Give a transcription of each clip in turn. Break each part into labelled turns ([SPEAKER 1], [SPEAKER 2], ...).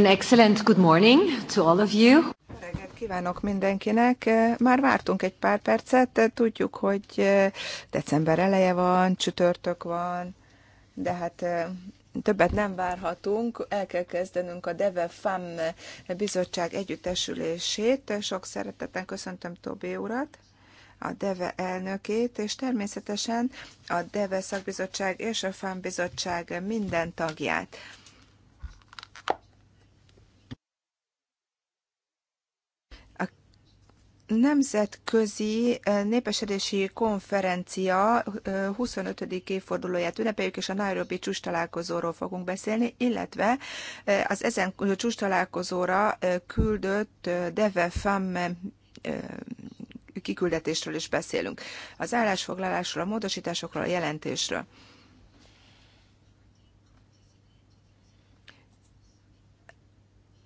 [SPEAKER 1] An excellent good morning to all of you. kívánok mindenkinek. Már vártunk egy pár percet, tudjuk, hogy eh, december eleje van, csütörtök van, de hát eh, többet nem várhatunk, el kell kezdenünk a Deve FAM bizottság együttesülését. Sok szeretettel köszöntöm Tobé urat a DEVE elnökét, és természetesen a DEVE szakbizottság és a FAM bizottság minden tagját. nemzetközi népesedési konferencia 25. évfordulóját ünnepeljük, és a Nairobi csúcs találkozóról fogunk beszélni, illetve az ezen csúcs találkozóra küldött Deve Femme kiküldetésről is beszélünk. Az állásfoglalásról, a módosításokról, a jelentésről.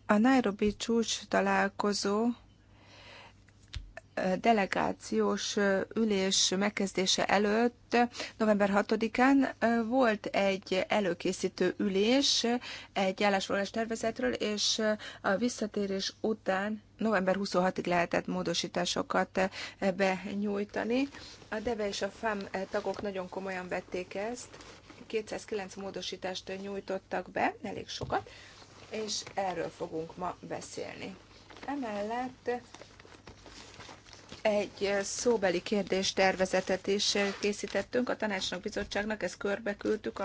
[SPEAKER 1] A Nairobi csúcs találkozó delegációs ülés megkezdése előtt, november 6-án volt egy előkészítő ülés egy állásfoglalás tervezetről, és a visszatérés után november 26-ig lehetett módosításokat benyújtani. A DEVE és a FAM tagok nagyon komolyan vették ezt. 209 módosítást nyújtottak be, elég sokat, és erről fogunk ma beszélni. Emellett egy eh, szóbeli kérdéstervezetet is eh, készítettünk a tanácsnak, bizottságnak, ezt körbeküldtük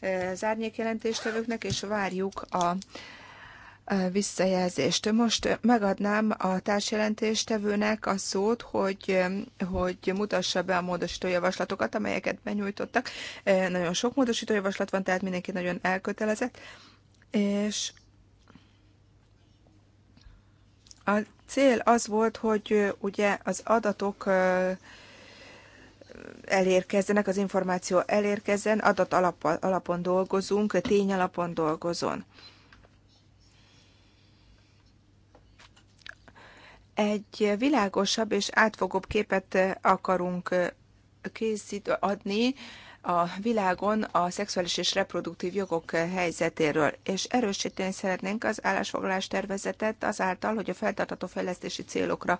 [SPEAKER 1] eh, az árnyékjelentéstevőknek, és várjuk a visszajelzést. Most megadnám a társjelentéstevőnek a szót, hogy, hogy mutassa be a módosító javaslatokat, amelyeket benyújtottak. Nagyon sok módosító javaslat van, tehát mindenki nagyon elkötelezett. És a cél az volt, hogy ugye az adatok elérkezzenek, az információ elérkezzen, adat alapon dolgozunk, tény alapon dolgozon. Egy világosabb és átfogóbb képet akarunk készít, adni a világon a szexuális és reproduktív jogok eh, helyzetéről, és erősíteni szeretnénk az állásfoglalás tervezetet azáltal, hogy a feltartató fejlesztési célokra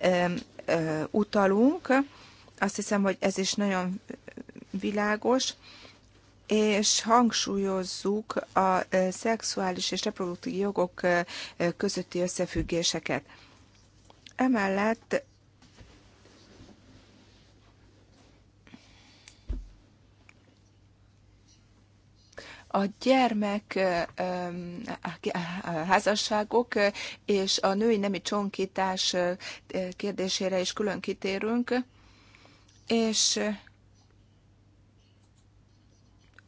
[SPEAKER 1] ö, ö, utalunk. Azt hiszem, hogy ez is nagyon eh, világos és hangsúlyozzuk a eh, szexuális és reproduktív jogok közötti összefüggéseket. Emellett a gyermek házasságok és a női nemi csonkítás kérdésére is külön kitérünk, és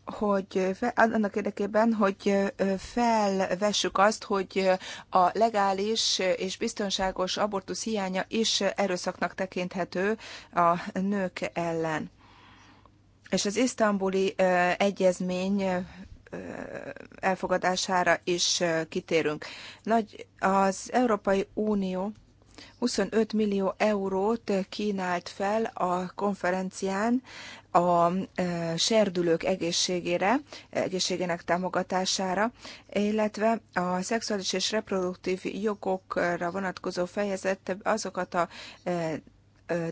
[SPEAKER 1] hogy annak érdekében, hogy felvessük azt, hogy a legális és biztonságos abortusz hiánya is erőszaknak tekinthető a nők ellen. És az isztambuli egyezmény elfogadására is kitérünk. Nagy, az Európai Unió 25 millió eurót kínált fel a konferencián a serdülők egészségére, egészségének támogatására, illetve a szexuális és reproduktív jogokra vonatkozó fejezet azokat a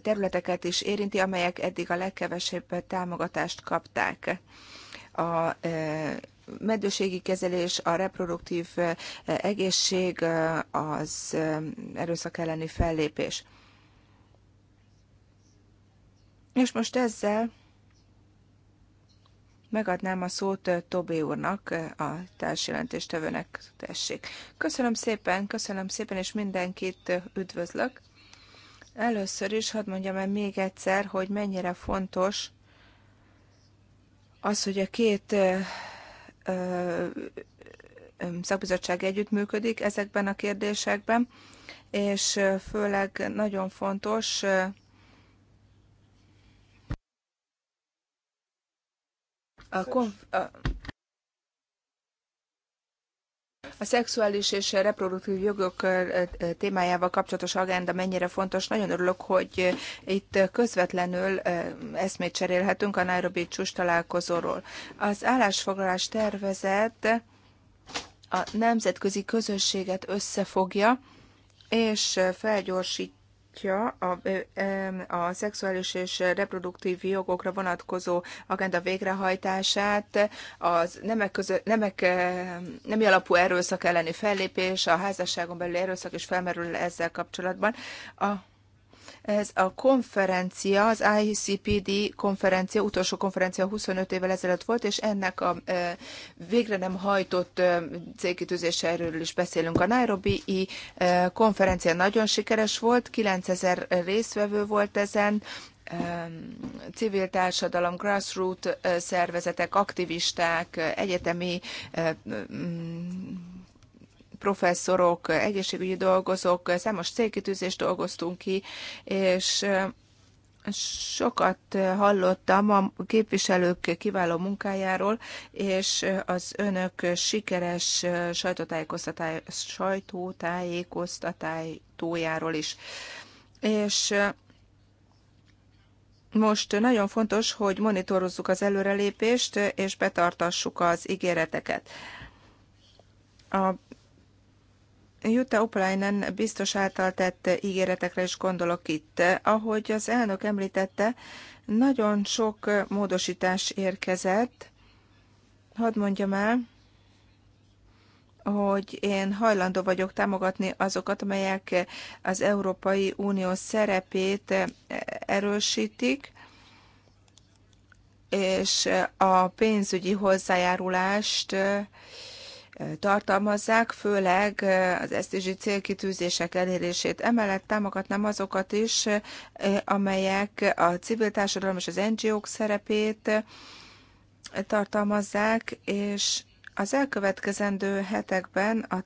[SPEAKER 1] területeket is érinti, amelyek eddig a legkevesebb támogatást kapták a e, meddőségi kezelés, a reproduktív e, egészség, e, az erőszak elleni fellépés. És most ezzel megadnám a szót Tobé úrnak, a társjelentéstevőnek, tessék. Köszönöm szépen, köszönöm szépen, és mindenkit üdvözlök. Először is hadd mondjam el még egyszer, hogy mennyire fontos az, hogy a két szakbizottság együttműködik ezekben a kérdésekben, és főleg nagyon fontos a, konf- a A szexuális és reproduktív jogok témájával kapcsolatos agenda mennyire fontos. Nagyon örülök, hogy itt közvetlenül eszmét cserélhetünk a Nairobi csúcs találkozóról. Az állásfoglalás tervezet a nemzetközi közösséget összefogja, és felgyorsít támogatja a, a szexuális és reproduktív jogokra vonatkozó agenda végrehajtását, az nemek, közö, nemek nemi alapú erőszak elleni fellépés, a házasságon belüli erőszak is felmerül ezzel kapcsolatban. A ez a konferencia, az ICPD konferencia, utolsó konferencia 25 évvel ezelőtt volt, és ennek a végre nem hajtott célkitűzése erről is beszélünk. A Nairobi i konferencia nagyon sikeres volt, 9000 résztvevő volt ezen, civil társadalom, grassroot szervezetek, aktivisták, egyetemi professzorok, egészségügyi dolgozók, számos célkitűzést dolgoztunk ki, és eh, sokat hallottam a képviselők kiváló munkájáról, és az önök sikeres sajtótájékoztatájtójáról is. És eh, most nagyon fontos, hogy monitorozzuk az előrelépést, és betartassuk az ígéreteket. A Jutta Opelainen biztos által tett ígéretekre is gondolok itt. Ahogy az elnök említette, nagyon sok módosítás érkezett. Hadd mondjam el, hogy én hajlandó vagyok támogatni azokat, amelyek az Európai Unió szerepét erősítik, és a pénzügyi hozzájárulást tartalmazzák, főleg az SDG célkitűzések elérését. Emellett támogatnám azokat is, amelyek a civil társadalom és az NGO-k szerepét tartalmazzák, és az elkövetkezendő hetekben a,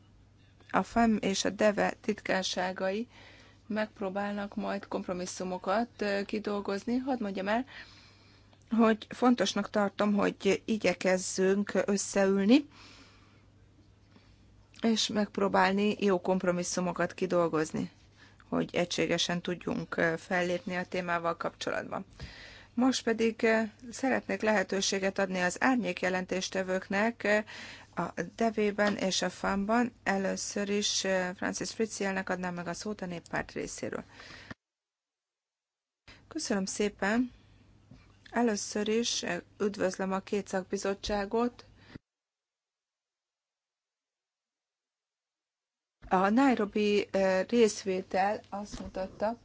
[SPEAKER 1] a FEM és a DEVE titkárságai megpróbálnak majd kompromisszumokat kidolgozni. Hadd mondjam el, hogy fontosnak tartom, hogy igyekezzünk összeülni, és megpróbálni jó kompromisszumokat kidolgozni, hogy egységesen tudjunk fellépni a témával kapcsolatban. Most pedig szeretnék lehetőséget adni az árnyék jelentéstevőknek a devében és a fanban. Először is Francis Fritzielnek adnám meg a szót a néppárt részéről. Köszönöm szépen! Először is üdvözlöm a két szakbizottságot, A Nairobi részvétel azt mutatta,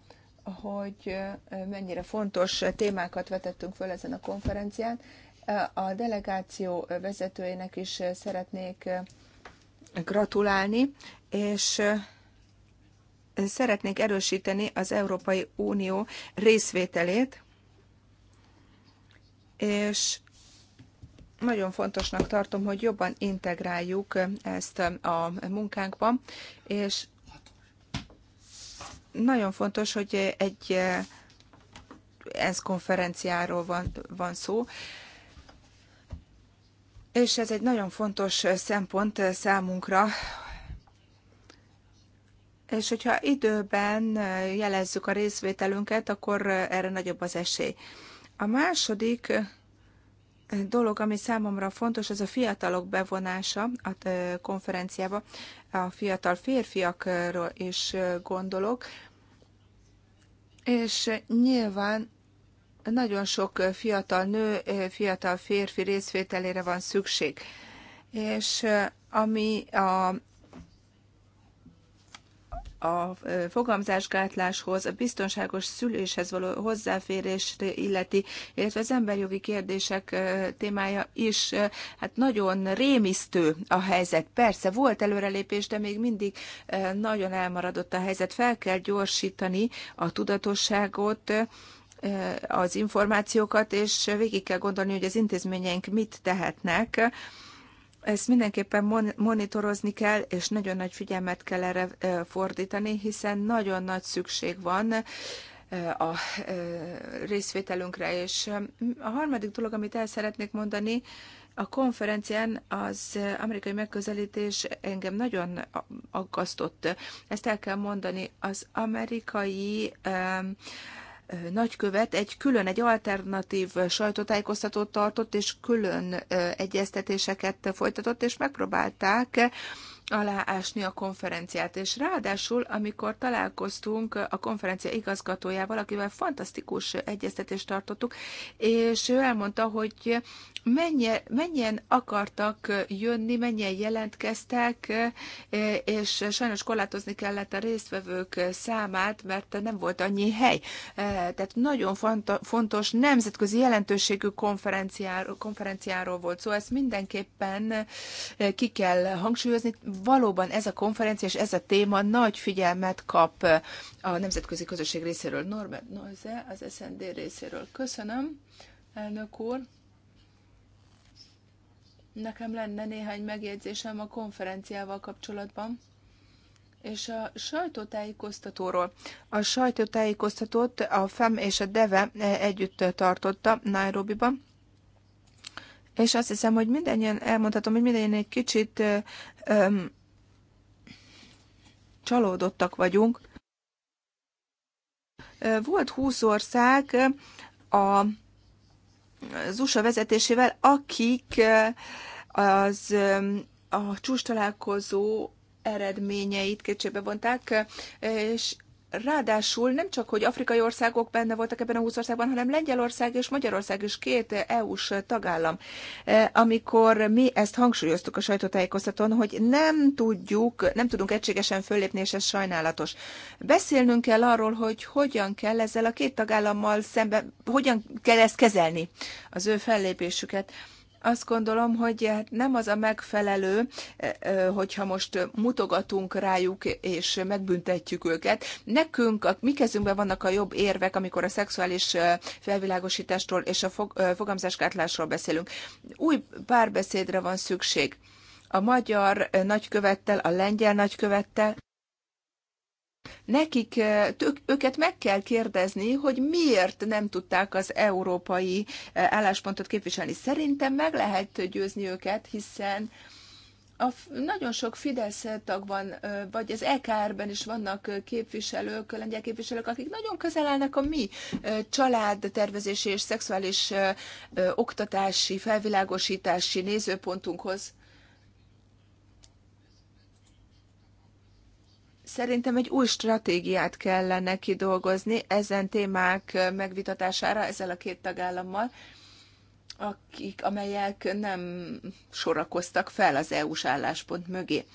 [SPEAKER 1] hogy mennyire fontos témákat vetettünk föl ezen a konferencián. A delegáció vezetőjének is szeretnék gratulálni, és szeretnék erősíteni az Európai Unió részvételét, és nagyon fontosnak tartom, hogy jobban integráljuk ezt a munkánkba, és nagyon fontos, hogy egy ENSZ konferenciáról van, van szó, és ez egy nagyon fontos szempont számunkra, és hogyha időben jelezzük a részvételünket, akkor erre nagyobb az esély. A második dolog, ami számomra fontos, az a fiatalok bevonása a konferenciába. A fiatal férfiakról is gondolok, és nyilván nagyon sok fiatal nő, fiatal férfi részvételére van szükség. És ami a a fogamzásgátláshoz, a biztonságos szüléshez való hozzáférést illeti, illetve az emberjogi kérdések témája is, hát nagyon rémisztő a helyzet. Persze volt előrelépés, de még mindig nagyon elmaradott a helyzet. Fel kell gyorsítani a tudatosságot, az információkat, és végig kell gondolni, hogy az intézményeink mit tehetnek ezt mindenképpen monitorozni kell, és nagyon nagy figyelmet kell erre fordítani, hiszen nagyon nagy szükség van a részvételünkre. És a harmadik dolog, amit el szeretnék mondani, a konferencián az amerikai megközelítés engem nagyon aggasztott. Ezt el kell mondani, az amerikai nagykövet egy külön, egy alternatív sajtótájékoztatót tartott, és külön egyeztetéseket folytatott, és megpróbálták aláásni a konferenciát, és ráadásul, amikor találkoztunk a konferencia igazgatójával, akivel fantasztikus egyeztetést tartottuk, és ő elmondta, hogy mennyien, mennyien akartak jönni, mennyien jelentkeztek, és sajnos korlátozni kellett a résztvevők számát, mert nem volt annyi hely. Tehát nagyon fontos nemzetközi jelentőségű konferenciáról, konferenciáról volt szó, ezt mindenképpen ki kell hangsúlyozni. Valóban ez a konferencia és ez a téma nagy figyelmet kap a nemzetközi közösség részéről. Norbert Noize, az SND részéről. Köszönöm, elnök úr. Nekem lenne néhány megjegyzésem a konferenciával kapcsolatban és a sajtótájékoztatóról. A sajtótájékoztatót a FEM és a DEVE e, együtt tartotta Nairobiban, és azt hiszem, hogy mindannyian elmondhatom, hogy mindannyian egy kicsit öm, csalódottak vagyunk. Volt 20 ország a az USA vezetésével, akik az a csúcs találkozó eredményeit kétségbe vonták, és Ráadásul nem csak, hogy afrikai országok benne voltak ebben a 20 országban, hanem Lengyelország és Magyarország is két EU-s tagállam. E, amikor mi ezt hangsúlyoztuk a sajtótájékoztatón, hogy nem tudjuk, nem tudunk egységesen föllépni, és ez sajnálatos. Beszélnünk kell arról, hogy hogyan kell ezzel a két tagállammal szemben, hogyan kell ezt kezelni, az ő fellépésüket azt gondolom, hogy hát nem az a megfelelő, e, e, hogyha most mutogatunk rájuk és megbüntetjük őket. Nekünk, a mi kezünkben vannak a jobb érvek, amikor a szexuális e, felvilágosításról és a fogamzásgátlásról beszélünk. Új párbeszédre van szükség. A magyar nagykövettel, a lengyel nagykövettel, Nekik, eh, tök, őket meg kell kérdezni, hogy miért nem tudták az európai eh, álláspontot képviselni. Szerintem meg lehet győzni őket, hiszen a, nagyon sok Fidesz tag van, eh, vagy az EKR-ben is vannak képviselők, lengyel képviselők, akik nagyon közel állnak a mi családtervezési és szexuális oktatási, felvilágosítási nézőpontunkhoz. Szerintem egy új stratégiát kellene kidolgozni ezen témák megvitatására ezzel a két tagállammal, akik, amelyek nem sorakoztak fel az EU-s álláspont mögé.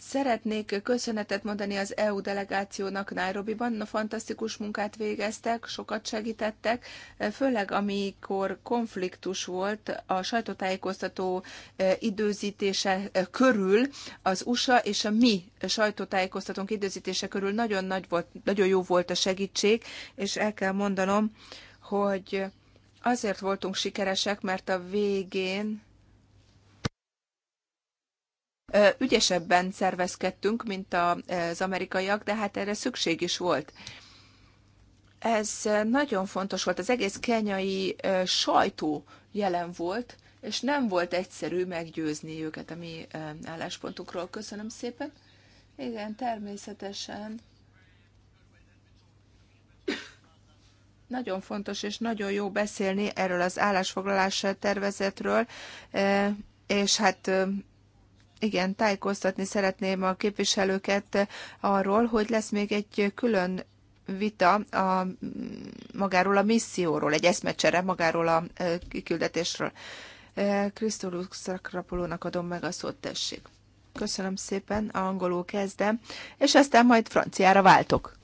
[SPEAKER 1] Szeretnék köszönetet mondani az EU delegációnak Nairobiban. Fantasztikus munkát végeztek, sokat segítettek, főleg amikor konfliktus volt a sajtótájékoztató e, időzítése e, körül, az USA és a mi sajtótájékoztatónk időzítése körül nagyon, nagy volt, nagyon jó volt a segítség, és el kell mondanom, hogy azért voltunk sikeresek, mert a végén ügyesebben szervezkedtünk, mint az amerikaiak, de hát erre szükség is volt. Ez nagyon fontos volt, az egész kenyai sajtó jelen volt, és nem volt egyszerű meggyőzni őket a mi álláspontunkról. Köszönöm szépen. Igen, természetesen. Nagyon fontos és nagyon jó beszélni erről az állásfoglalás tervezetről, és hát igen, tájékoztatni szeretném a képviselőket arról, hogy lesz még egy külön vita a, magáról a misszióról, egy eszmecsere magáról a kiküldetésről. Krisztolux Szakrapolónak adom meg a szót, tessék. Köszönöm szépen, angolul kezdem, és aztán majd franciára váltok.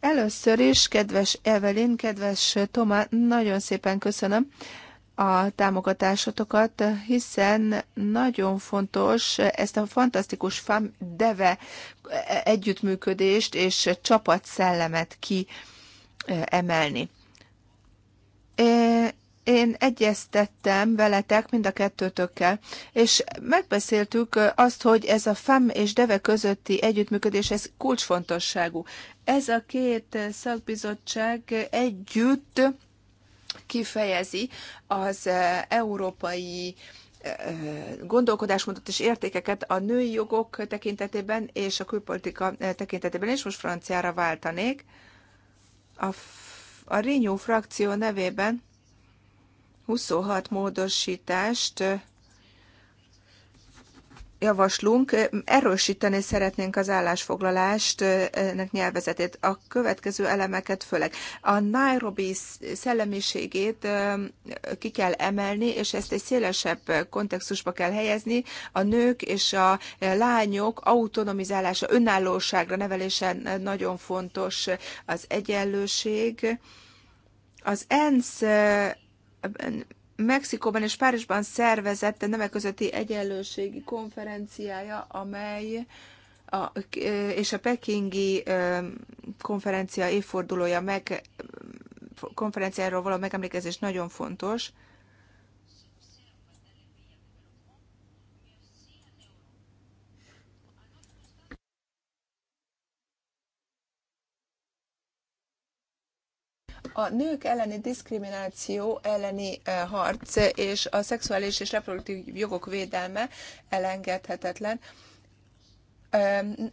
[SPEAKER 1] Először is, kedves Evelyn, kedves Toma, nagyon szépen köszönöm a támogatásotokat, hiszen nagyon fontos ezt a fantasztikus FAM deve együttműködést és csapatszellemet ki emelni. Én egyeztettem veletek mind a kettőtökkel, és megbeszéltük azt, hogy ez a FAM és DEVE közötti együttműködés, ez kulcsfontosságú. Ez a két szakbizottság együtt kifejezi az eh, európai eh, eh, gondolkodásmódot és értékeket a női jogok tekintetében és a külpolitika tekintetében, és most franciára váltanék. A, a Renew frakció nevében 26 módosítást javaslunk. Erősíteni szeretnénk az állásfoglalást, ennek nyelvezetét, a következő elemeket főleg. A Nairobi szellemiségét ki kell emelni, és ezt egy szélesebb kontextusba kell helyezni. A nők és a lányok autonomizálása, önállóságra nevelése nagyon fontos az egyenlőség. Az ENSZ Mexikóban és Párizsban szervezett a nemek közötti egyenlőségi konferenciája, amely a, és a pekingi konferencia évfordulója meg konferenciáról való megemlékezés nagyon fontos. A nők elleni diszkrimináció elleni eh, harc és a szexuális és reproduktív jogok védelme elengedhetetlen.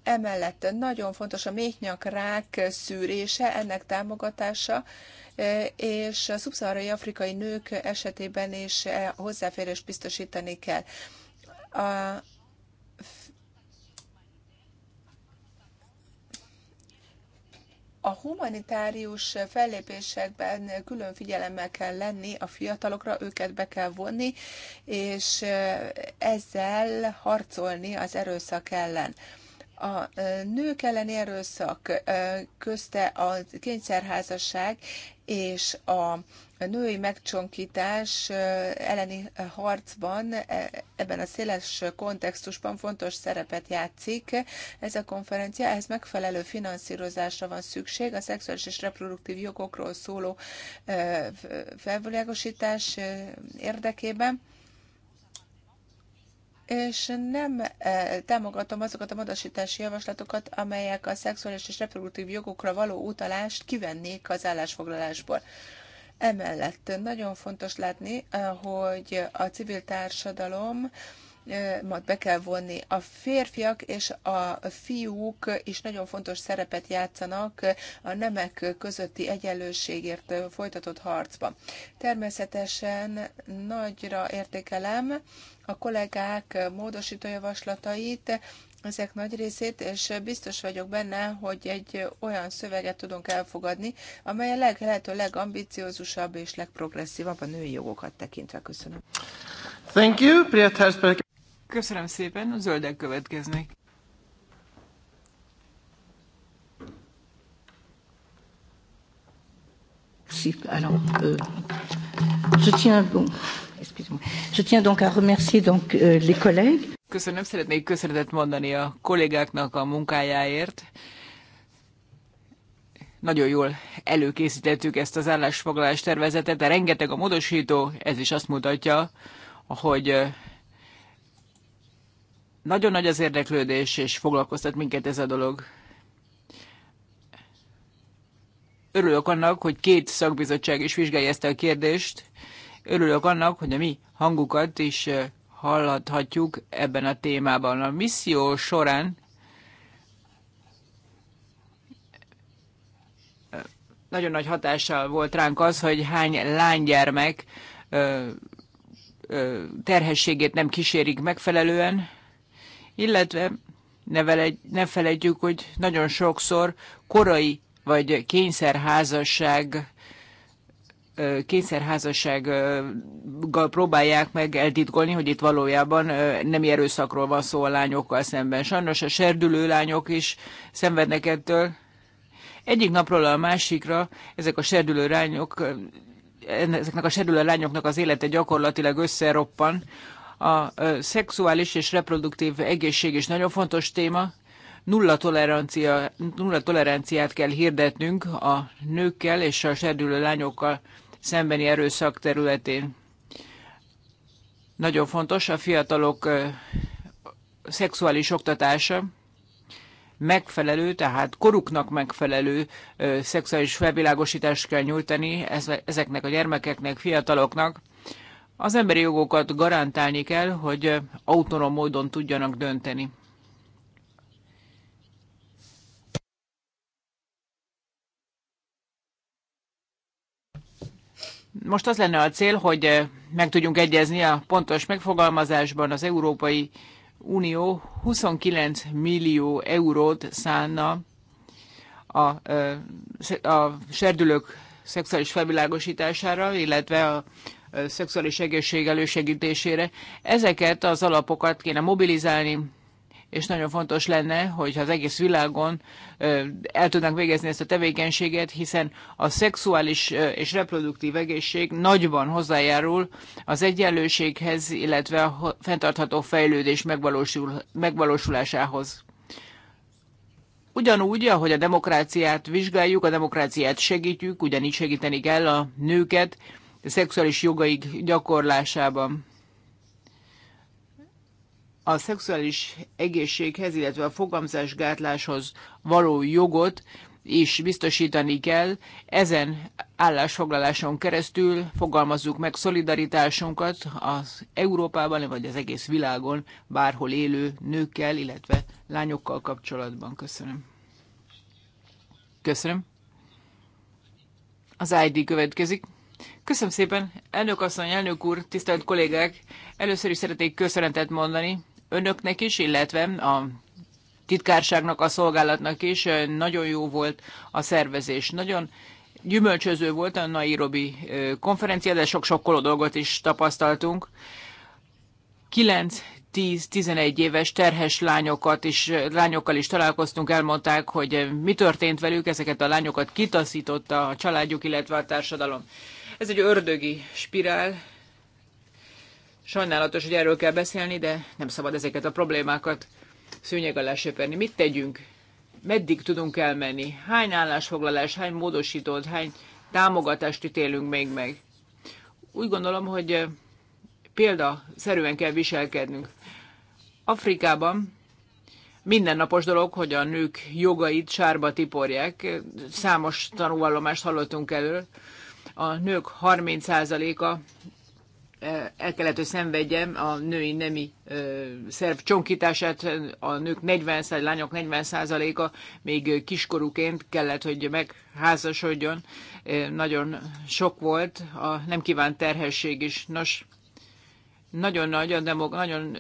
[SPEAKER 1] Emellett nagyon fontos a méhnyakrák szűrése, ennek támogatása, eh, és a szubszaharai afrikai nők esetében is eh, hozzáférés biztosítani kell. A A humanitárius fellépésekben külön figyelemmel kell lenni a fiatalokra, őket be kell vonni, és ezzel harcolni az erőszak ellen a nők elleni erőszak, közte a kényszerházasság és a női megcsonkítás elleni harcban e, ebben a széles kontextusban fontos szerepet játszik ez a konferencia, ehhez megfelelő finanszírozásra van szükség, a szexuális és reproduktív jogokról szóló felvilágosítás érdekében és nem e, támogatom azokat a módosítási javaslatokat, amelyek a szexuális és reproduktív jogokra való utalást kivennék az állásfoglalásból. Emellett nagyon fontos látni, eh, hogy a civil társadalom eh, majd be kell vonni. A férfiak és a fiúk is nagyon fontos szerepet játszanak eh, a nemek közötti egyenlőségért folytatott harcban. Természetesen nagyra értékelem a kollégák módosító javaslatait, ezek nagy részét, és biztos vagyok benne, hogy egy olyan szöveget tudunk elfogadni, amely a leg, lehető legambiciózusabb és legprogresszívabb a női jogokat tekintve. Köszönöm.
[SPEAKER 2] Thank you, Köszönöm szépen, a zöldek következnek.
[SPEAKER 1] alors, euh, je tiens, bon, excusez-moi, je tiens donc à remercier donc euh, les collègues
[SPEAKER 2] Köszönöm, szeretnék köszönetet mondani a kollégáknak a munkájáért. Nagyon jól előkészítettük ezt az állásfoglalás tervezetet, de rengeteg a módosító, ez is azt mutatja, hogy nagyon nagy az érdeklődés, és foglalkoztat minket ez a dolog. Örülök annak, hogy két szakbizottság is vizsgálja ezt a kérdést. Örülök annak, hogy a mi hangukat is hallathatjuk ebben a témában. A misszió során nagyon nagy hatással volt ránk az, hogy hány lánygyermek terhességét nem kísérik megfelelően, illetve ne, velegy, ne felejtjük, hogy nagyon sokszor korai vagy kényszerházasság kényszerházassággal próbálják meg eltitkolni, hogy itt valójában nem erőszakról van szó a lányokkal szemben. Sajnos a serdülő lányok is szenvednek ettől. Egyik napról a másikra ezek a serdülő lányok, ezeknek a serdülő lányoknak az élete gyakorlatilag összeroppan. A szexuális és reproduktív egészség is nagyon fontos téma, nulla, tolerancia, nulla toleranciát kell hirdetnünk a nőkkel és a serdülő lányokkal szembeni erőszak területén. Nagyon fontos a fiatalok szexuális oktatása, megfelelő, tehát koruknak megfelelő szexuális felvilágosítást kell nyújtani ezeknek a gyermekeknek, fiataloknak. Az emberi jogokat garantálni kell, hogy autonóm módon tudjanak dönteni. Most az lenne a cél, hogy eh, meg tudjunk egyezni a pontos megfogalmazásban az Európai Unió 29 millió eurót szánna a, eh, a serdülők szexuális felvilágosítására, illetve a eh, szexuális egészség elősegítésére. Ezeket az alapokat kéne mobilizálni, és nagyon fontos lenne, hogyha az egész világon el tudnánk végezni ezt a tevékenységet, hiszen a szexuális és reproduktív egészség nagyban hozzájárul az egyenlőséghez, illetve a fenntartható fejlődés megvalósul, megvalósulásához. Ugyanúgy, ahogy a demokráciát vizsgáljuk, a demokráciát segítjük, ugyanígy segíteni kell a nőket a szexuális jogaik gyakorlásában a szexuális egészséghez, illetve a fogamzásgátláshoz való jogot is biztosítani kell. Ezen állásfoglaláson keresztül fogalmazzuk meg szolidaritásunkat az Európában, vagy az egész világon bárhol élő nőkkel, illetve lányokkal kapcsolatban. Köszönöm. Köszönöm. Az ID következik. Köszönöm szépen, elnök asszony, elnök úr, tisztelt kollégák! Először is szeretnék köszönetet mondani önöknek is, illetve a titkárságnak, a szolgálatnak is nagyon jó volt a szervezés. Nagyon gyümölcsöző volt a Nairobi konferencia, de sok sokkoló dolgot is tapasztaltunk. 9 10-11 éves terhes lányokat is, lányokkal is találkoztunk, elmondták, hogy mi történt velük, ezeket a lányokat kitaszította a családjuk, illetve a társadalom. Ez egy ördögi spirál, Sajnálatos, hogy erről kell beszélni, de nem szabad ezeket a problémákat szőnyeg alá söperni. Mit tegyünk? Meddig tudunk elmenni? Hány állásfoglalás, hány módosítót, hány támogatást ítélünk még meg? Úgy gondolom, hogy példa szerűen kell viselkednünk. Afrikában mindennapos dolog, hogy a nők jogait sárba tiporják. Számos tanúvallomást hallottunk elől. A nők 30%-a el kellett, hogy szenvedjem a női nemi szerv csonkítását, a nők 40 a lányok 40 a még kiskorúként kellett, hogy megházasodjon. Nagyon sok volt a nem kívánt terhesség is. Nos, nagyon nagy a demog, nagyon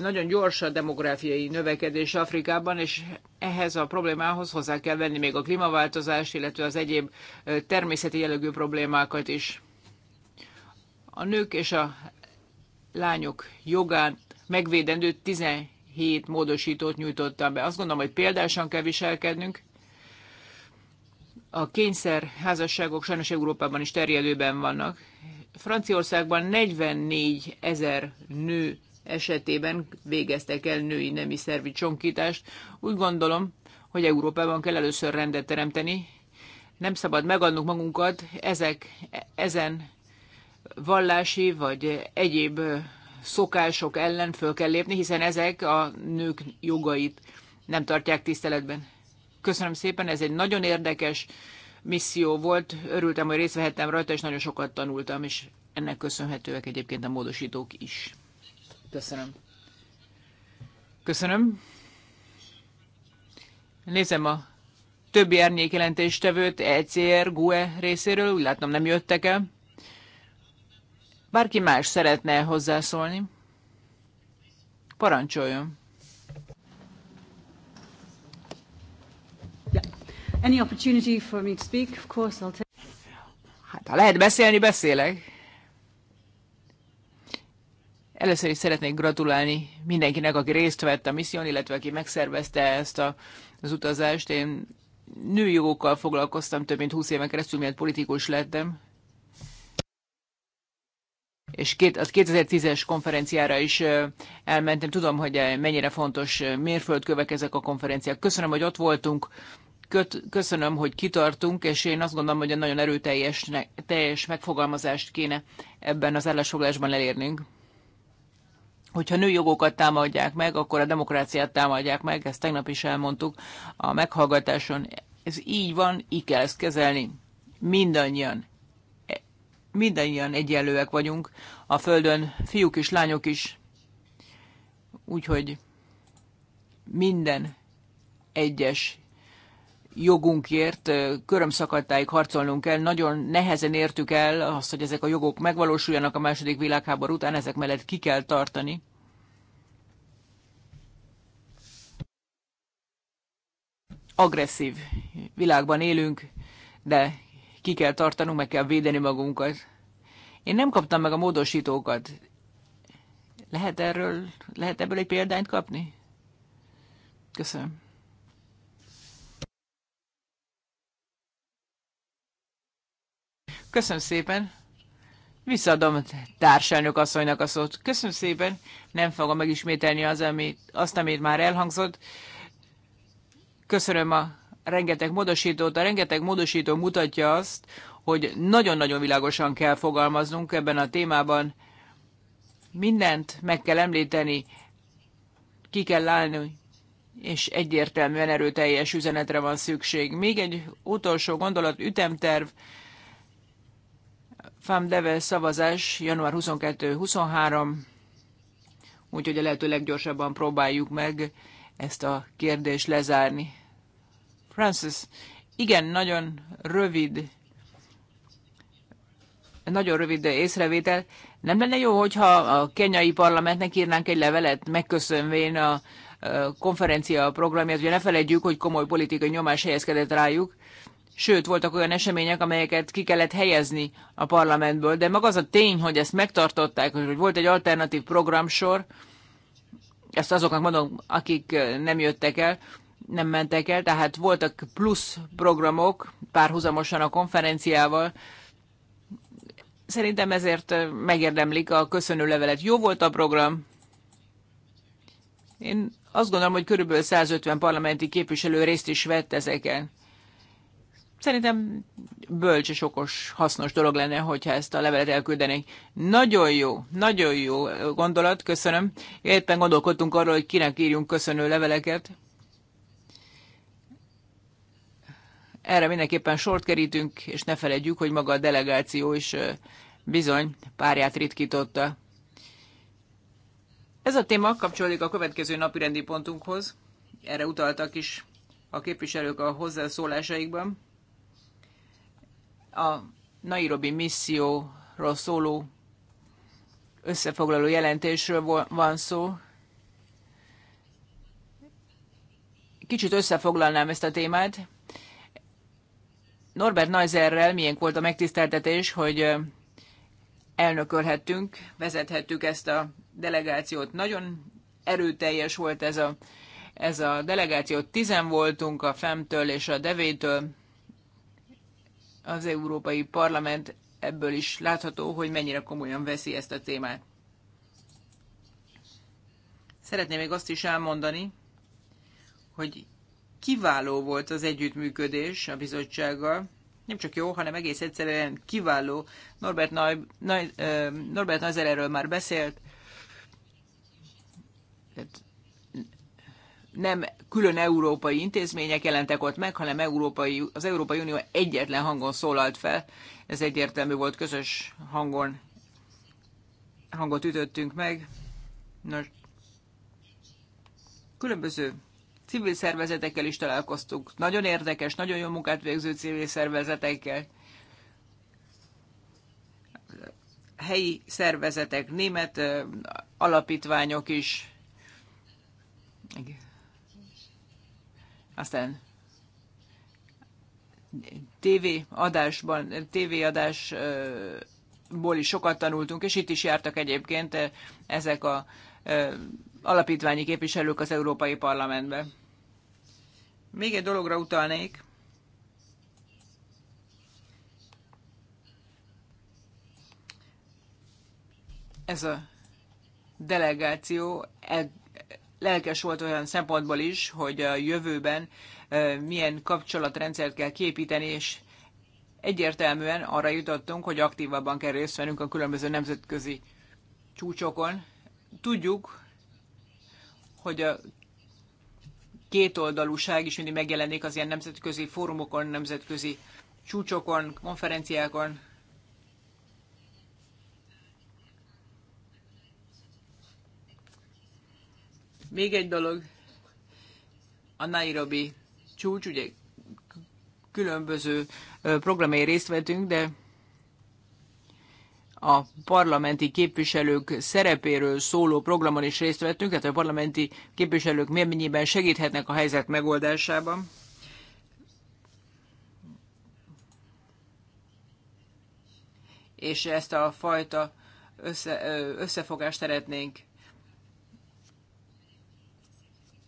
[SPEAKER 2] nagyon gyors a demográfiai növekedés Afrikában, és ehhez a problémához hozzá kell venni még a klímaváltozást, illetve az egyéb természeti jellegű problémákat is a nők és a lányok jogát megvédendő 17 módosítót nyújtottam be. Azt gondolom, hogy példásan kell viselkednünk. A kényszer házasságok sajnos Európában is terjedőben vannak. Franciaországban 44 ezer nő esetében végeztek el női nemi szervi csonkítást. Úgy gondolom, hogy Európában kell először rendet teremteni. Nem szabad megadnunk magunkat ezek, ezen vallási vagy egyéb szokások ellen föl kell lépni, hiszen ezek a nők jogait nem tartják tiszteletben. Köszönöm szépen, ez egy nagyon érdekes misszió volt, örültem, hogy részt vehettem rajta, és nagyon sokat tanultam, és ennek köszönhetőek egyébként a módosítók is. Köszönöm. Köszönöm. Nézem a többi jelentéstevőt, ECR, GUE részéről, úgy látom nem jöttek el. Bárki más szeretne hozzászólni? Parancsoljon! Any opportunity for me to speak, of course I'll take... Hát, ha lehet beszélni, beszélek. Először is szeretnék gratulálni mindenkinek, aki részt vett a misszión, illetve aki megszervezte ezt a, az utazást. Én nőjogokkal foglalkoztam több mint 20 éven keresztül, miatt politikus lettem és két, az 2010-es konferenciára is elmentem. Tudom, hogy mennyire fontos mérföldkövek ezek a konferenciák. Köszönöm, hogy ott voltunk, köszönöm, hogy kitartunk, és én azt gondolom, hogy egy nagyon erőteljes teljes megfogalmazást kéne ebben az állásfoglalásban elérnünk. Hogyha jogokat támadják meg, akkor a demokráciát támadják meg, ezt tegnap is elmondtuk a meghallgatáson. Ez így van, így kell ezt kezelni. Mindannyian mindannyian egyenlőek vagyunk a Földön, fiúk és lányok is. Úgyhogy minden egyes jogunkért körömszakadtáig harcolnunk kell. Nagyon nehezen értük el azt, hogy ezek a jogok megvalósuljanak a második világháború után, ezek mellett ki kell tartani. Agresszív világban élünk, de ki kell tartanunk, meg kell védeni magunkat. Én nem kaptam meg a módosítókat. Lehet erről, lehet ebből egy példányt kapni? Köszönöm. Köszönöm szépen. Visszaadom társelnök asszonynak a szót. Köszönöm szépen. Nem fogom megismételni az, amit, azt, amit már elhangzott. Köszönöm a rengeteg módosítót, a rengeteg módosító mutatja azt, hogy nagyon-nagyon világosan kell fogalmaznunk ebben a témában. Mindent meg kell említeni, ki kell állni, és egyértelműen erőteljes üzenetre van szükség. Még egy utolsó gondolat, ütemterv, FAM Deve szavazás január 22-23, úgyhogy a lehető leggyorsabban próbáljuk meg ezt a kérdést lezárni. Francis, igen, nagyon rövid, nagyon rövid észrevétel. Nem lenne jó, hogyha a kenyai parlamentnek írnánk egy levelet, megköszönvén a konferencia programját, ugye ne felejtjük, hogy komoly politikai nyomás helyezkedett rájuk, sőt, voltak olyan események, amelyeket ki kellett helyezni a parlamentből, de maga az a tény, hogy ezt megtartották, hogy volt egy alternatív programsor, ezt azoknak mondom, akik nem jöttek el, nem mentek el, tehát voltak plusz programok párhuzamosan a konferenciával. Szerintem ezért megérdemlik a köszönő levelet. Jó volt a program. Én azt gondolom, hogy körülbelül 150 parlamenti képviselő részt is vett ezeken. Szerintem bölcs és okos, hasznos dolog lenne, hogyha ezt a levelet elküldenék. Nagyon jó, nagyon jó gondolat, köszönöm. Éppen gondolkodtunk arról, hogy kinek írjunk köszönő leveleket. erre mindenképpen sort kerítünk, és ne feledjük, hogy maga a delegáció is bizony párját ritkította. Ez a téma kapcsolódik a következő napi rendi pontunkhoz. Erre utaltak is a képviselők a hozzászólásaikban. A Nairobi misszióról szóló összefoglaló jelentésről van szó. Kicsit összefoglalnám ezt a témát. Norbert Neizerrel milyen volt a megtiszteltetés, hogy elnökölhettünk, vezethettük ezt a delegációt. Nagyon erőteljes volt ez a, ez a delegáció. Tizen voltunk a FEM-től és a Devétől. Az Európai Parlament ebből is látható, hogy mennyire komolyan veszi ezt a témát. Szeretném még azt is elmondani, hogy kiváló volt az együttműködés a bizottsággal. Nem csak jó, hanem egész egyszerűen kiváló. Norbert, Naib, Neu, Norbert Nazer erről már beszélt. Nem külön európai intézmények jelentek ott meg, hanem európai, az Európai Unió egyetlen hangon szólalt fel. Ez egyértelmű volt, közös hangon hangot ütöttünk meg. Nos, különböző civil szervezetekkel is találkoztunk. Nagyon érdekes, nagyon jó munkát végző civil szervezetekkel. Helyi szervezetek, német alapítványok is. Aztán TV adásban, TV adásból is sokat tanultunk, és itt is jártak egyébként ezek a alapítványi képviselők az Európai Parlamentbe. Még egy dologra utalnék. Ez a delegáció lelkes volt olyan szempontból is, hogy a jövőben milyen kapcsolatrendszert kell képíteni, és egyértelműen arra jutottunk, hogy aktívabban kell részt vennünk a különböző nemzetközi csúcsokon. Tudjuk, hogy a kétoldalúság is mindig megjelenik az ilyen nemzetközi fórumokon, nemzetközi csúcsokon, konferenciákon. Még egy dolog, a Nairobi csúcs, ugye különböző programai részt vettünk, de a parlamenti képviselők szerepéről szóló programon is részt vettünk, tehát a parlamenti képviselők mennyiben segíthetnek a helyzet megoldásában. És ezt a fajta össze, összefogást szeretnénk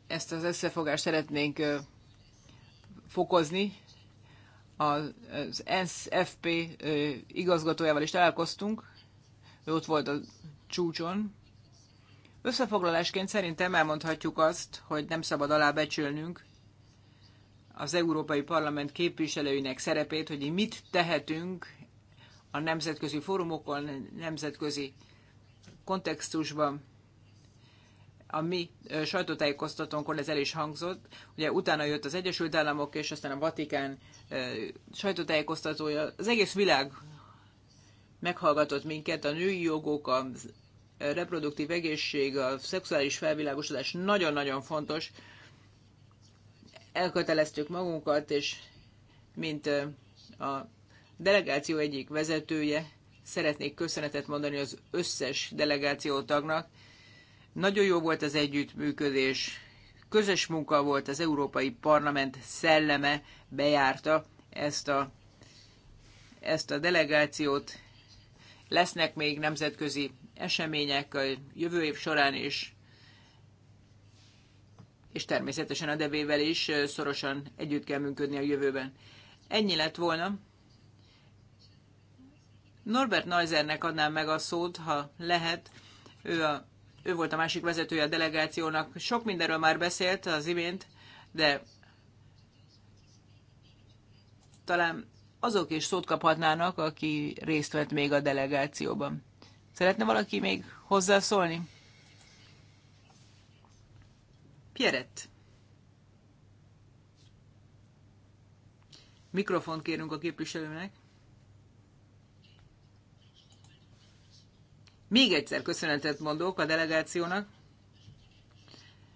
[SPEAKER 2] ezt az összefogást szeretnénk fokozni, az SFP igazgatójával is találkoztunk, ő ott volt a csúcson. Összefoglalásként szerintem elmondhatjuk azt, hogy nem szabad alábecsülnünk az Európai Parlament képviselőinek szerepét, hogy mit tehetünk a nemzetközi fórumokon, nemzetközi kontextusban a mi sajtótájékoztatónkon ez el is hangzott, ugye utána jött az Egyesült Államok és aztán a Vatikán sajtótájékoztatója, az egész világ meghallgatott minket, a női jogok, a reproduktív egészség, a szexuális felvilágosodás nagyon-nagyon fontos. Elköteleztük magunkat, és mint a delegáció egyik vezetője, szeretnék köszönetet mondani az összes delegáció tagnak, nagyon jó volt az együttműködés, közös munka volt, az Európai Parlament szelleme bejárta ezt a, ezt a delegációt. Lesznek még nemzetközi események a jövő év során is, és természetesen a devével is szorosan együtt kell működni a jövőben. Ennyi lett volna. Norbert Neuzernek adnám meg a szót, ha lehet. Ő a ő volt a másik vezetője a delegációnak. Sok mindenről már beszélt az imént, de talán azok is szót kaphatnának, aki részt vett még a delegációban. Szeretne valaki még hozzászólni? Pierrett. Mikrofont kérünk a képviselőnek. Még egyszer köszönetet mondok a delegációnak,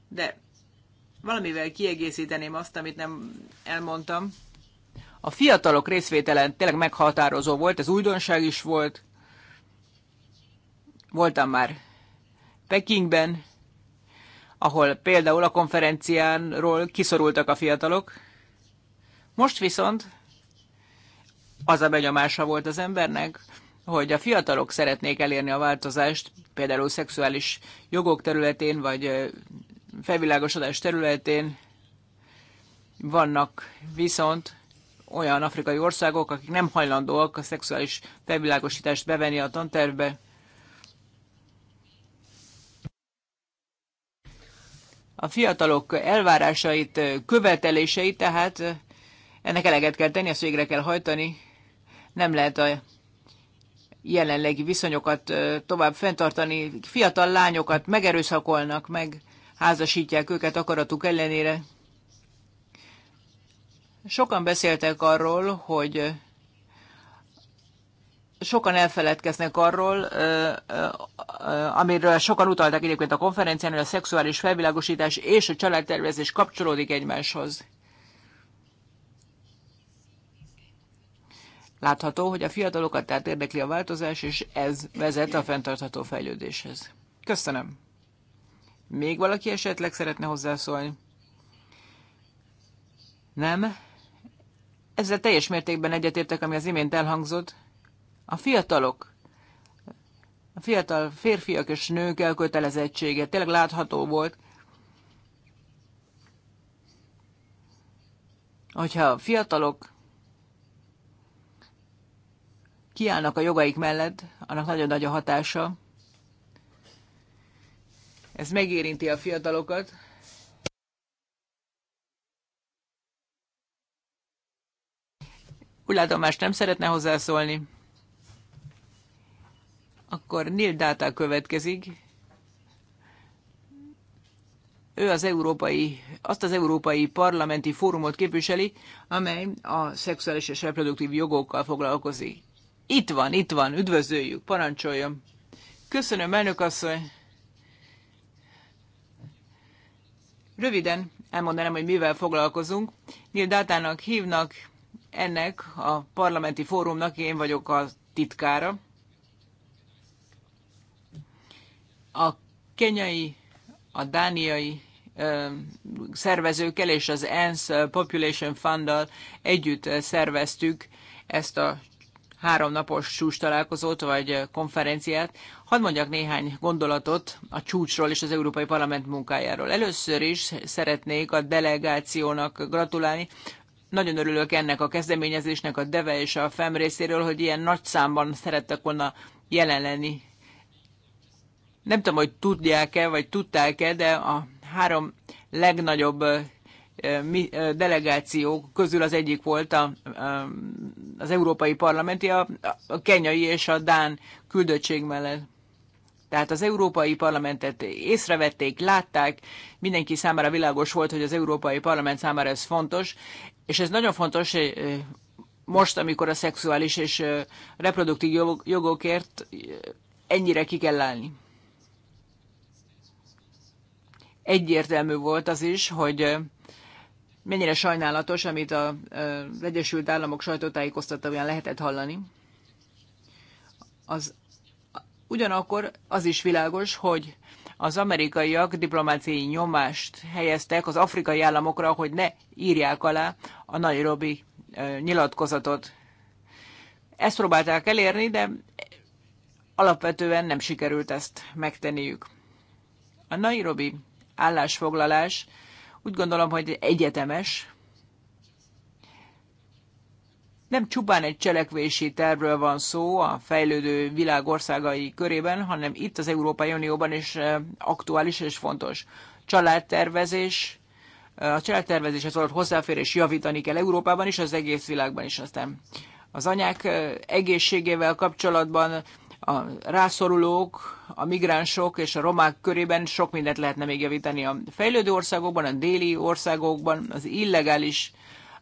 [SPEAKER 2] de valamivel kiegészíteném azt, amit nem elmondtam. A fiatalok részvételen tényleg meghatározó volt, ez újdonság is volt. Voltam már Pekingben, ahol például a konferenciánról kiszorultak a fiatalok. Most viszont az a benyomása volt az embernek, hogy a fiatalok szeretnék elérni a változást, például szexuális jogok területén, vagy felvilágosodás területén. Vannak viszont olyan afrikai országok, akik nem hajlandóak a szexuális felvilágosítást bevenni a tantervbe. A fiatalok elvárásait, követeléseit tehát ennek eleget kell tenni, ezt végre kell hajtani. Nem lehet a jelenlegi viszonyokat tovább fenntartani. Fiatal lányokat megerőszakolnak, meg házasítják őket akaratuk ellenére. Sokan beszéltek arról, hogy sokan elfeledkeznek arról, amiről sokan utaltak egyébként a konferencián, hogy a szexuális felvilágosítás és a családtervezés kapcsolódik egymáshoz. Látható, hogy a fiatalokat tehát érdekli a változás, és ez vezet a fenntartható fejlődéshez. Köszönöm. Még valaki esetleg szeretne hozzászólni? Nem? Ezzel teljes mértékben egyetértek, ami az imént elhangzott. A fiatalok, a fiatal férfiak és nők elkötelezettsége tényleg látható volt. Hogyha a fiatalok kiállnak a jogaik mellett, annak nagyon nagy a hatása. Ez megérinti a fiatalokat. Úgy látom, más nem szeretne hozzászólni. Akkor Neil Data következik. Ő az európai, azt az európai parlamenti fórumot képviseli, amely a szexuális és reproduktív jogokkal foglalkozik. Itt van, itt van, üdvözöljük, parancsoljon. Köszönöm, elnök asszony. Röviden elmondanám, hogy mivel foglalkozunk. Neil Dátának hívnak ennek a parlamenti fórumnak, én vagyok a titkára. A kenyai, a dániai szervezőkkel és az ENSZ Population Funddal együtt szerveztük ezt a háromnapos csúcs találkozót vagy konferenciát. Hadd mondjak néhány gondolatot a csúcsról és az Európai Parlament munkájáról. Először is szeretnék a delegációnak gratulálni. Nagyon örülök ennek a kezdeményezésnek a DEVE és a FEM részéről, hogy ilyen nagy számban szerettek volna jelen lenni. Nem tudom, hogy tudják-e, vagy tudták-e, de a három legnagyobb delegációk közül az egyik volt a, az Európai Parlamenti, a, a kenyai és a dán küldöttség mellett. Tehát az Európai Parlamentet észrevették, látták, mindenki számára világos volt, hogy az Európai Parlament számára ez fontos, és ez nagyon fontos most, amikor a szexuális és reproduktív jogokért ennyire ki kell állni. Egyértelmű volt az is, hogy mennyire sajnálatos, amit az Egyesült Államok sajtótájékoztatóján lehetett hallani. Az, ugyanakkor az is világos, hogy az amerikaiak diplomáciai nyomást helyeztek az afrikai államokra, hogy ne írják alá a Nairobi nyilatkozatot. Ezt próbálták elérni, de alapvetően nem sikerült ezt megtenniük. A Nairobi állásfoglalás úgy gondolom, hogy egyetemes. Nem csupán egy cselekvési tervről van szó a fejlődő világ országai körében, hanem itt az Európai Unióban is eh, aktuális és fontos. Családtervezés, eh, a családtervezéshez való hozzáférés javítani kell Európában is, az egész világban is aztán az anyák eh, egészségével kapcsolatban a rászorulók, a migránsok és a romák körében sok mindent lehetne még javítani a fejlődő országokban, a déli országokban, az illegális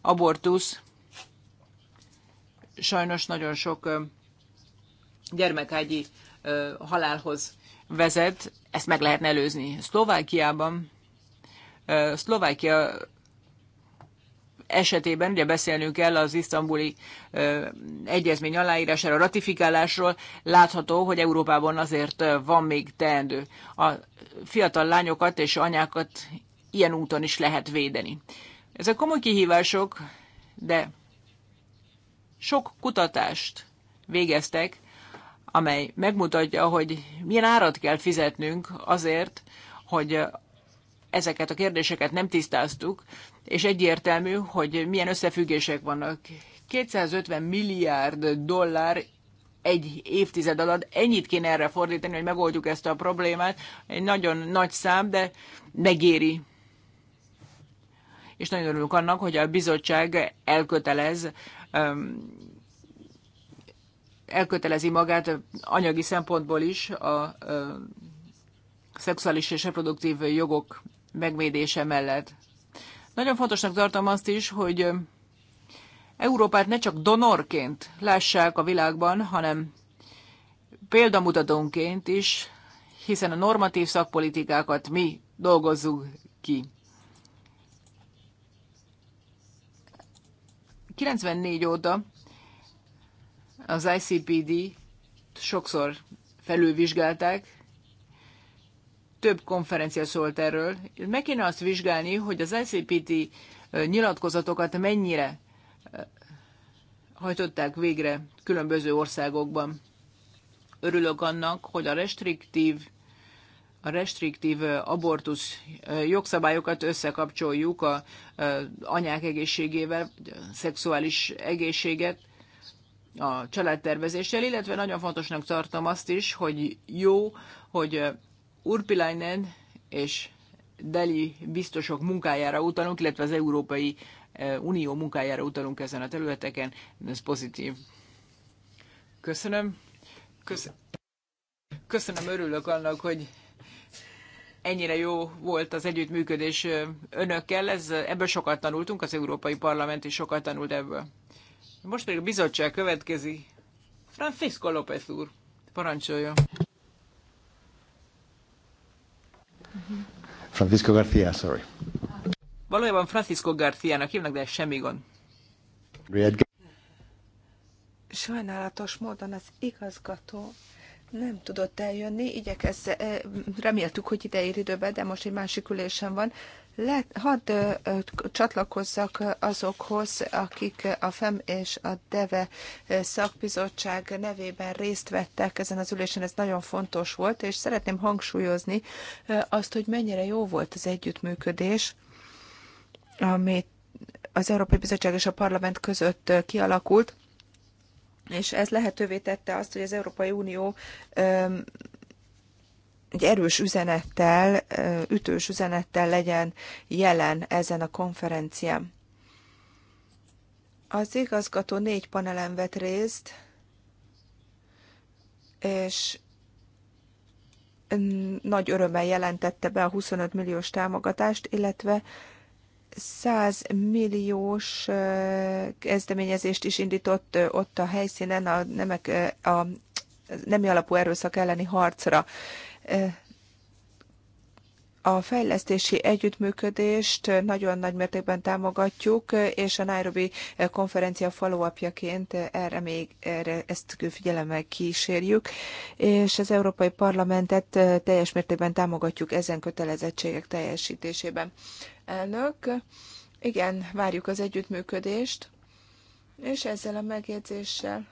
[SPEAKER 2] abortusz sajnos nagyon sok gyermekágyi halálhoz vezet, ezt meg lehetne előzni. Szlovákiában Szlovákia esetében ugye beszélnünk kell az isztambuli egyezmény aláírására, ratifikálásról, látható, hogy Európában azért van még teendő. A fiatal lányokat és anyákat ilyen úton is lehet védeni. Ezek komoly kihívások, de sok kutatást végeztek, amely megmutatja, hogy milyen árat kell fizetnünk azért, hogy ezeket a kérdéseket nem tisztáztuk, és egyértelmű, hogy milyen összefüggések vannak. 250 milliárd dollár egy évtized alatt ennyit kéne erre fordítani, hogy megoldjuk ezt a problémát. Egy nagyon nagy szám, de megéri. És nagyon örülök annak, hogy a bizottság elkötelez elkötelezi magát anyagi szempontból is a szexuális és reproduktív jogok megvédése mellett. Nagyon fontosnak tartom azt is, hogy Európát ne csak donorként lássák a világban, hanem példamutatónként is, hiszen a normatív szakpolitikákat mi dolgozzuk ki. 94 óta az ICPD sokszor felülvizsgálták, több konferencia szólt erről. Meg kéne azt vizsgálni, hogy az ICPT nyilatkozatokat mennyire hajtották végre különböző országokban. Örülök annak, hogy a restriktív, a restriktív abortusz jogszabályokat összekapcsoljuk a anyák egészségével, a szexuális egészséget, a családtervezéssel, illetve nagyon fontosnak tartom azt is, hogy jó, hogy Urpilainen és Deli biztosok munkájára utalunk, illetve az Európai e, Unió munkájára utalunk ezen a területeken. Ez pozitív. Köszönöm. Köszönöm, Köszönöm örülök annak, hogy ennyire jó volt az együttműködés e, önökkel. Ez, ebből sokat tanultunk, az Európai Parlament is sokat tanult ebből. Most pedig a bizottság következik. Francisco López úr, parancsoljon.
[SPEAKER 1] Francisco García, sorry.
[SPEAKER 2] Valójában Francisco García-nak hívnak, de semmi gond.
[SPEAKER 1] Sajnálatos módon az igazgató nem tudott eljönni, igyekezze, eh, reméltük, hogy ide ér időben, de most egy másik ülésen van. Let, hadd csatlakozzak azokhoz, akik a FEM és a DEVE szakbizottság nevében részt vettek ezen az ülésen, ez nagyon fontos volt, és szeretném hangsúlyozni azt, hogy mennyire jó volt az együttműködés, amit az Európai Bizottság és a Parlament között kialakult, és ez lehetővé tette azt, hogy az Európai Unió egy erős üzenettel, ütős üzenettel legyen jelen ezen a konferencián. Az igazgató négy panelen vett részt, és nagy örömmel jelentette be a 25 milliós támogatást, illetve 100 milliós kezdeményezést is indított ott a helyszínen a, nemek, a nemi alapú erőszak elleni harcra a fejlesztési együttműködést nagyon nagy mértékben támogatjuk, és a Nairobi konferencia follow-upjaként erre még erre ezt figyelemmel kísérjük, és az Európai Parlamentet teljes mértékben támogatjuk ezen kötelezettségek teljesítésében. Elnök, igen, várjuk az együttműködést, és ezzel a megjegyzéssel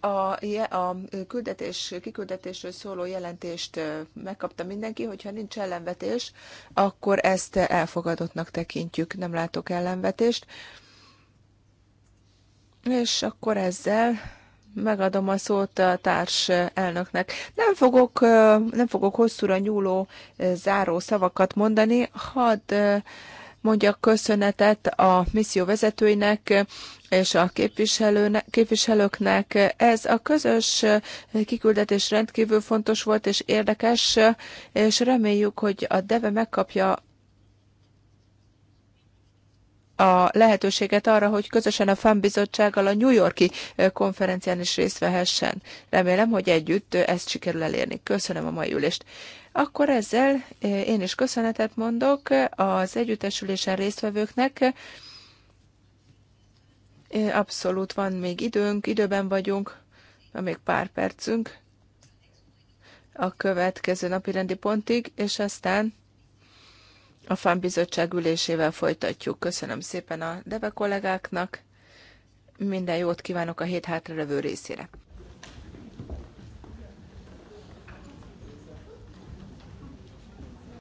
[SPEAKER 1] a, a küldetés, kiküldetésről szóló jelentést megkapta mindenki, hogyha nincs ellenvetés, akkor ezt elfogadottnak tekintjük, nem látok ellenvetést. És akkor ezzel megadom a szót a társ elnöknek. Nem fogok, nem fogok hosszúra nyúló záró szavakat mondani, hadd mondjak köszönetet a misszió vezetőinek, és a képviselőknek. Ez a közös eh, kiküldetés rendkívül fontos volt és érdekes, eh, és reméljük, hogy a DEVE megkapja a lehetőséget arra, hogy közösen a FAM bizottsággal a New Yorki eh, konferencián is részt vehessen. Remélem, hogy együtt ezt sikerül elérni. Köszönöm a mai ülést. Akkor ezzel én is köszönetet mondok az együttesülésen résztvevőknek. Abszolút van még időnk, időben vagyunk, van még pár percünk a következő napi rendi pontig, és aztán a FAM bizottság ülésével folytatjuk. Köszönöm szépen a DEVE kollégáknak, minden jót kívánok a hét hátra részére.